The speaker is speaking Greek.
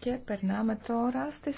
Και περνάμε τώρα στις